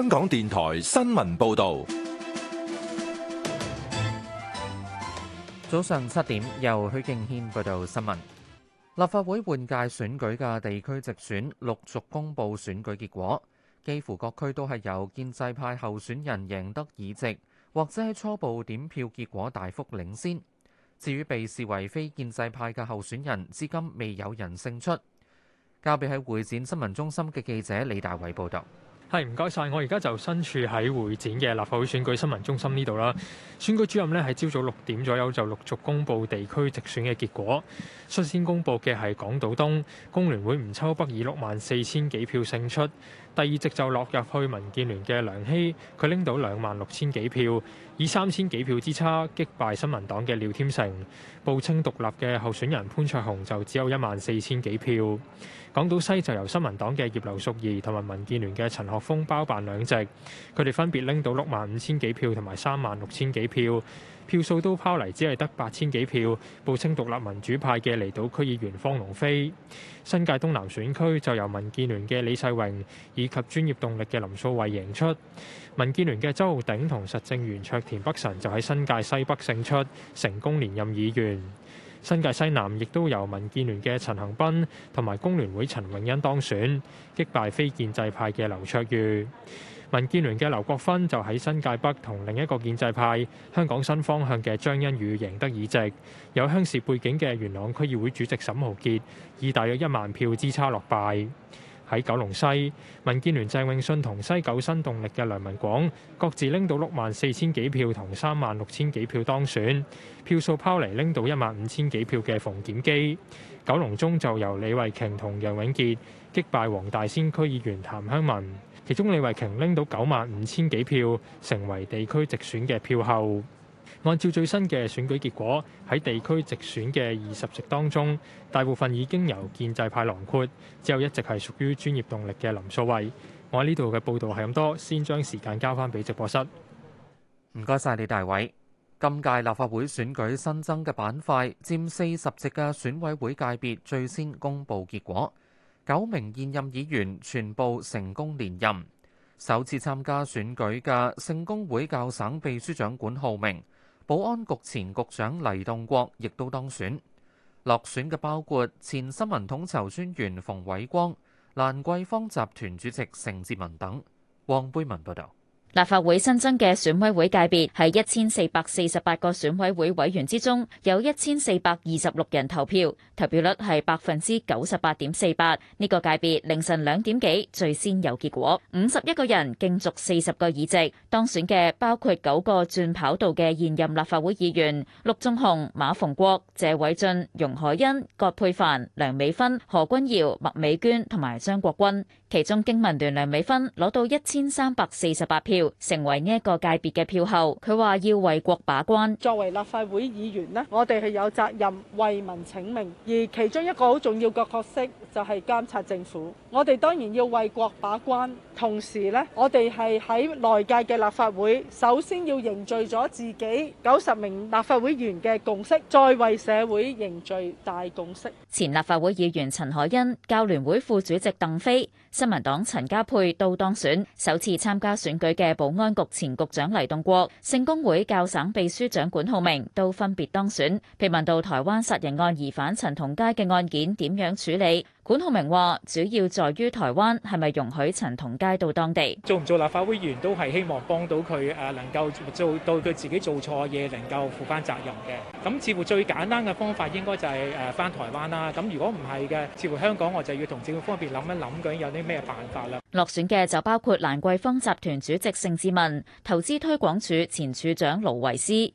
香港電台新聞報道，早上七點，由許敬軒報道新聞。立法會換屆選舉嘅地區直選陸續公布選舉結果，幾乎各區都係由建制派候選人贏得議席，或者喺初步點票結果大幅領先。至於被視為非建制派嘅候選人，至今未有人勝出。交俾喺會展新聞中心嘅記者李大偉報道。係，唔該晒，我而家就身處喺會展嘅立法會選舉新聞中心呢度啦。選舉主任呢，喺朝早六點左右就陸續公佈地區直選嘅結果。率先公佈嘅係港島東，工聯會吳秋北以六萬四千幾票勝出，第二席就落入去民建聯嘅梁希，佢拎到兩萬六千幾票，以三千幾票之差擊敗新民黨嘅廖添成。報稱獨立嘅候選人潘卓雄就只有一萬四千幾票。港島西就由新民黨嘅葉劉淑儀同埋民建聯嘅陳學封包辦兩席，佢哋分別拎到六萬五千幾票同埋三萬六千幾票，票數都拋嚟，只係得八千幾票。報稱獨立民主派嘅離島區議員方龍飛。新界東南選區就由民建聯嘅李世榮以及專業動力嘅林素慧贏出，民建聯嘅周浩鼎同實政圓桌田北辰就喺新界西北勝出，成功連任議員。新界西南亦都由民建聯嘅陳恒鑌同埋工聯會陳穎欣當選，擊敗非建制派嘅劉卓裕。民建聯嘅劉國勳就喺新界北同另一個建制派香港新方向嘅張欣宇贏得議席。有鄉事背景嘅元朗區議會主席沈豪傑以大約一萬票之差落敗。喺九龍西，民建聯鄭永信同西九新動力嘅梁文廣各自拎到六萬四千幾票同三萬六千幾票當選，票數拋離拎到一萬五千幾票嘅馮檢基。九龍中就由李慧瓊同楊永傑擊敗黃大仙區議員譚香文，其中李慧瓊拎到九萬五千幾票，成為地區直選嘅票后。按照最新嘅選舉結果，喺地區直選嘅二十席當中，大部分已經由建制派囊括，只有一席係屬於專業動力嘅林素惠。我喺呢度嘅報道係咁多，先將時間交翻俾直播室。唔該晒你，大偉。今屆立法會選舉新增嘅板塊，佔四十席嘅選委會界別最先公布結果，九名現任議員全部成功連任。首次參加選舉嘅聖公會教省秘書長管浩明。保安局前局長黎棟國亦都當選，落選嘅包括前新聞統籌專員馮偉光、蘭桂坊集團主席盛智文等。黃貝文報道。立法會新增嘅選委會界別喺一千四百四十八個選委會委員之中，有一千四百二十六人投票，投票率係百分之九十八點四八。呢、這個界別凌晨兩點幾最先有結果，五十一個人競逐四十個議席，當選嘅包括九個轉跑道嘅現任立法會議員：陸頌雄、馬逢國、謝偉俊、容海恩、葛珮帆、梁美芬、何君堯、麥美娟同埋張國鈞。其中經民聯梁美芬攞到一千三百四十八票。成為呢一個界別嘅票后，佢話要為國把關。作為立法會議員呢，我哋係有責任為民請命，而其中一個好重要嘅角色就係監察政府。我哋當然要為國把關，同時呢，我哋係喺內界嘅立法會，首先要凝聚咗自己九十名立法會員嘅共識，再為社會凝聚大共識。前立法會議員陳海恩、教聯會副主席鄧飛。新民黨陳家沛都當選，首次參加選舉嘅保安局前局長黎棟國、聖公會教省秘書長管浩明都分別當選。被問到台灣殺人案疑犯陳同佳嘅案件點樣處理？管浩明話：主要在於台灣係咪容許陳同佳到當地，做唔做立法會議員，都係希望幫到佢，誒，能夠做到佢自己做錯嘢能夠負翻責任嘅。咁似乎最簡單嘅方法應該就係誒翻台灣啦。咁如果唔係嘅，似乎香港我就要同政府方面諗一諗究竟有啲咩辦法啦。落選嘅就包括蘭桂坊集團主席盛智文、投資推廣署前處長盧維斯。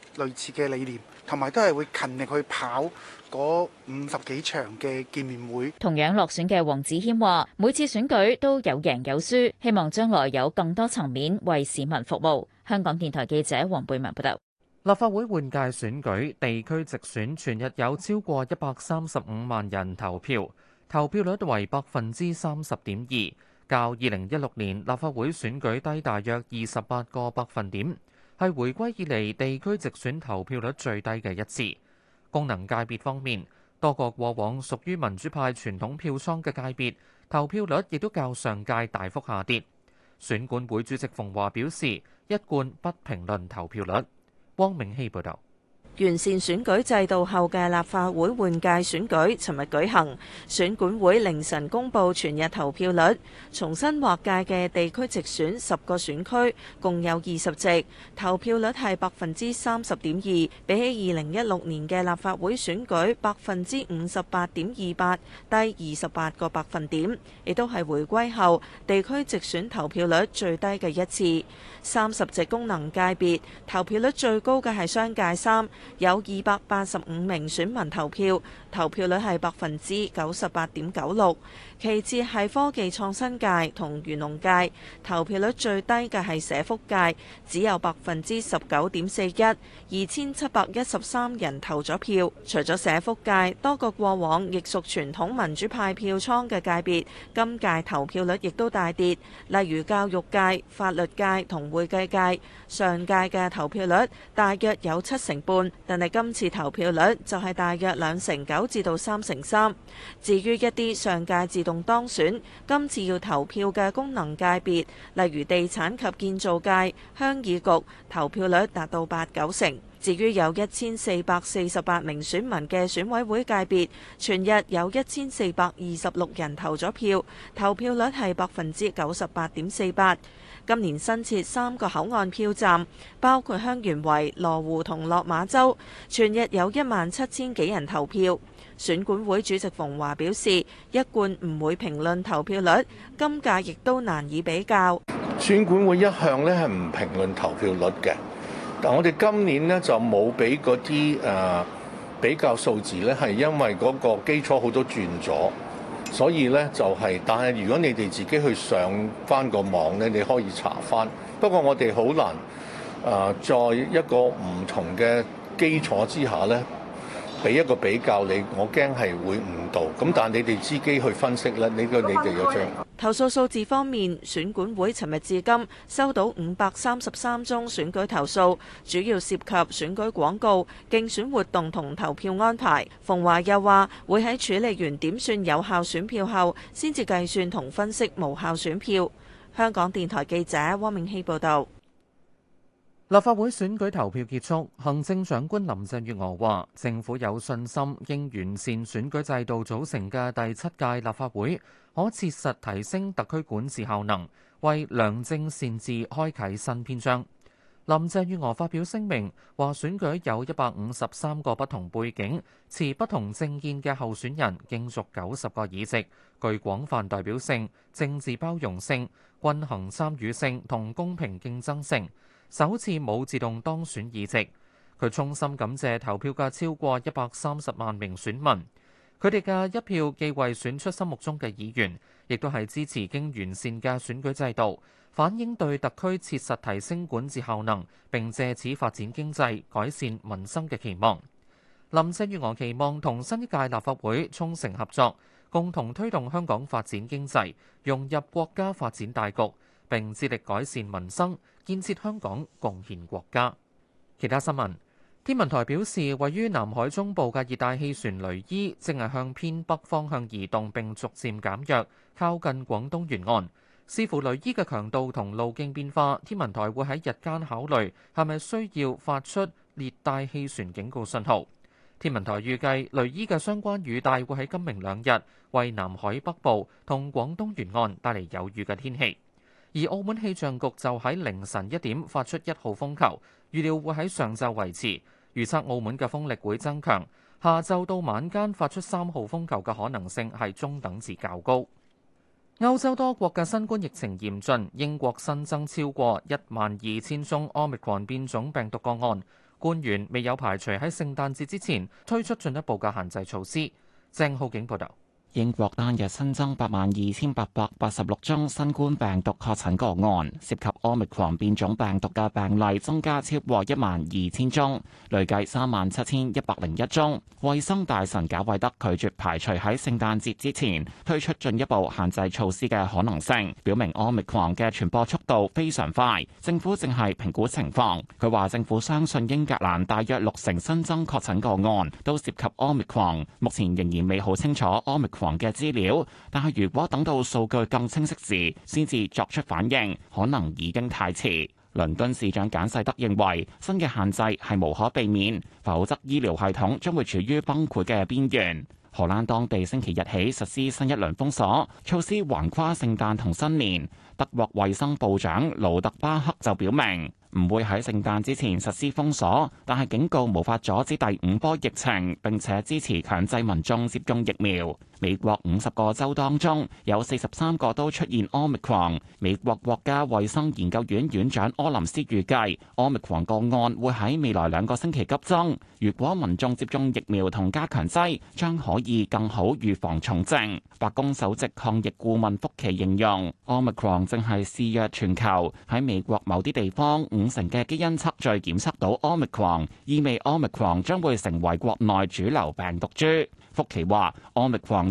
類似嘅理念，同埋都係會勤力去跑嗰五十幾場嘅見面會。同樣落選嘅黃子謙話：每次選舉都有贏有輸，希望將來有更多層面為市民服務。香港電台記者黃貝文報道。立法會換屆選舉地區直選全日有超過一百三十五萬人投票，投票率為百分之三十點二，較二零一六年立法會選舉低大約二十八個百分點。係回歸以嚟地區直選投票率最低嘅一次。功能界別方面，多個過，過往屬於民主派傳統票倉嘅界別，投票率亦都較上屆大幅下跌。選管會主席馮華表示，一貫不評論投票率。汪明希報導。完善選舉制度後嘅立法會換屆選舉，尋日舉行，選管會凌晨公佈全日投票率。重新劃界嘅地區直選十個選區共有二十席，投票率係百分之三十點二，比起二零一六年嘅立法會選舉百分之五十八點二八低二十八個百分點，亦都係回歸後地區直選投票率最低嘅一次。三十席功能界別投票率最高嘅係商界三。有二百八十五名選民投票，投票率係百分之九十八點九六。其次係科技創新界同漁農界，投票率最低嘅係社福界，只有百分之十九點四一。二千七百一十三人投咗票，除咗社福界多過過往，亦屬傳統民主派票倉嘅界別，今屆投票率亦都大跌。例如教育界、法律界同會計界，上屆嘅投票率大約有七成半。但係今次投票率就係大約兩成九至到三成三。至於一啲上屆自動當選、今次要投票嘅功能界別，例如地產及建造界、鄉議局，投票率達到八九成。至於有一千四百四十八名選民嘅選委會界別，全日有一千四百二十六人投咗票，投票率係百分之九十八點四八。今年新設三個口岸票站，包括香園圍、羅湖同落馬洲，全日有一萬七千幾人投票。選管會主席馮華表示，一貫唔會評論投票率，今屆亦都難以比較。選管會一向呢係唔評論投票率嘅。但我哋今年咧就冇俾嗰啲誒比較數字咧，係因為嗰個基礎好多轉咗，所以咧就係、是。但係如果你哋自己去上返個網咧，你可以查返。不過我哋好難誒、呃，在一個唔同嘅基礎之下咧，俾一個比較你，我驚係會誤導。咁但係你哋自己去分析咧，你個你哋有張。投訴數字方面，選管會尋日至今收到五百三十三宗選舉投訴，主要涉及選舉廣告、競選活動同投票安排。馮華又話會喺處理完點算有效選票後，先至計算同分析無效選票。香港電台記者汪明熙報道。立法會選舉投票結束，行政長官林鄭月娥話：政府有信心，應完善選舉制度組成嘅第七屆立法會，可切實提升特區管治效能，為良政善治開啓新篇章。林鄭月娥發表聲明話：選舉有一百五十三個不同背景、持不同政見嘅候選人競逐九十個議席，具廣泛代表性、政治包容性、均衡參與性同公平競爭性。首次冇自動當選議席，佢衷心感謝投票嘅超過一百三十萬名選民。佢哋嘅一票既為選出心目中嘅議員，亦都係支持經完善嘅選舉制度，反映對特區切實提升管治效能並借此發展經濟、改善民生嘅期望。林鄭月娥期望同新一屆立法會衷誠合作，共同推動香港發展經濟，融入國家發展大局，並致力改善民生。建設香港，貢獻國家。其他新聞，天文台表示，位於南海中部嘅熱帶氣旋雷伊正係向偏北方向移動並逐漸減弱，靠近廣東沿岸。視乎雷伊嘅強度同路徑變化，天文台會喺日間考慮係咪需要發出熱帶氣旋警告信號。天文台預計雷伊嘅相關雨帶會喺今明兩日為南海北部同廣東沿岸帶嚟有雨嘅天氣。而澳門氣象局就喺凌晨一點發出一號風球，預料會喺上晝維持，預測澳門嘅風力會增強。下晝到晚間發出三號風球嘅可能性係中等至較高。歐洲多國嘅新冠疫情嚴峻，英國新增超過一萬二千宗奧密克戎變種病毒個案，官員未有排除喺聖誕節之前推出進一步嘅限制措施。鄭浩景報導。英國單日新增八萬二千八百八十六宗新冠病毒確診個案，涉及奧密克戎變種病毒嘅病例增加超過一萬二千宗，累計三萬七千一百零一宗。衛生大臣賈維德拒絕排除喺聖誕節之前推出進一步限制措施嘅可能性，表明奧密克戎嘅傳播速度非常快。政府正係評估情況。佢話：政府相信英格蘭大約六成新增確診個案都涉及奧密克戎，目前仍然未好清楚奧密克預防嘅資料，但係如果等到數據更清晰時先至作出反應，可能已經太遲。倫敦市長簡世德認為新嘅限制係無可避免，否則醫療系統將會處於崩潰嘅邊緣。荷蘭當地星期日起實施新一輪封鎖，措施橫跨聖誕同新年。德國衛生部長勞特巴克就表明唔會喺聖誕之前實施封鎖，但係警告無法阻止第五波疫情，並且支持強制民眾接種疫苗。美國五十個州當中有四十三個都出現 Omicron。美國國家衛生研究院院長柯林斯預計，Omicron 個案會喺未來兩個星期急增。如果民眾接種疫苗同加強劑，將可以更好預防重症。白宮首席抗疫顧問福奇形容，Omicron 正係肆虐全球。喺美國某啲地方，五成嘅基因測序檢測到 Omicron，意味 Omicron 將會成為國內主流病毒株。福奇話：Omicron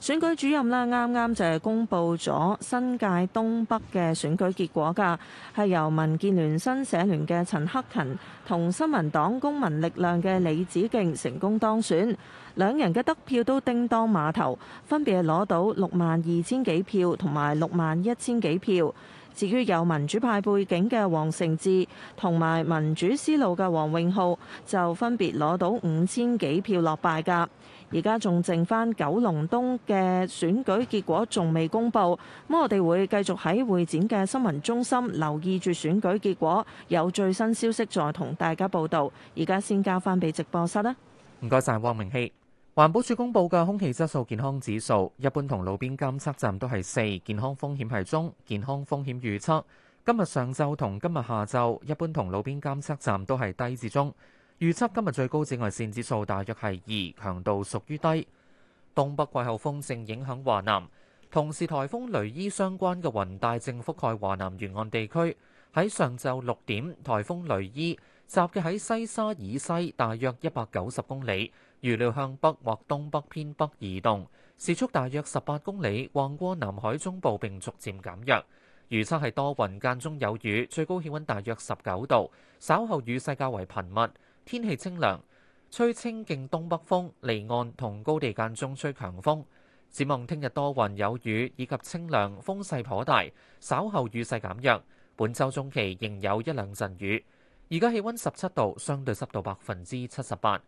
選舉主任咧，啱啱就係公布咗新界東北嘅選舉結果㗎，係由民建聯新社聯嘅陳克勤同新民黨公民力量嘅李梓敬成功當選，兩人嘅得票都叮噹馬頭，分別攞到六萬二千幾票同埋六萬一千幾票。至於有民主派背景嘅黃成智同埋民主思路嘅黃永浩，就分別攞到五千幾票落敗㗎。而家仲剩翻九龍東嘅選舉結果仲未公佈，咁我哋會繼續喺會展嘅新聞中心留意住選舉結果，有最新消息再同大家報道。而家先交翻俾直播室啦。唔該晒汪明希。環保署公布嘅空氣質素健康指數，一般同路邊監測站都係四，健康風險係中。健康風險預測今日上晝同今日下晝，一般同路邊監測站都係低至中。預測今日最高紫外線指數大約係二，強度屬於低。東北季候風正影響華南，同時台風雷伊相關嘅雲帶正覆蓋華南沿岸地區。喺上晝六點，台風雷伊集嘅喺西沙以西大約一百九十公里。預料向北或東北偏北移動，時速大約十八公里，橫過南海中部並逐漸減弱。預測係多雲間中有雨，最高氣温大約十九度。稍後雨勢較為頻密，天氣清涼，吹清勁東北風，離岸同高地間中吹強風。展望聽日多雲有雨以及清涼，風勢頗大。稍後雨勢減弱，本周中期仍有一兩陣雨。而家氣温十七度，相對濕度百分之七十八。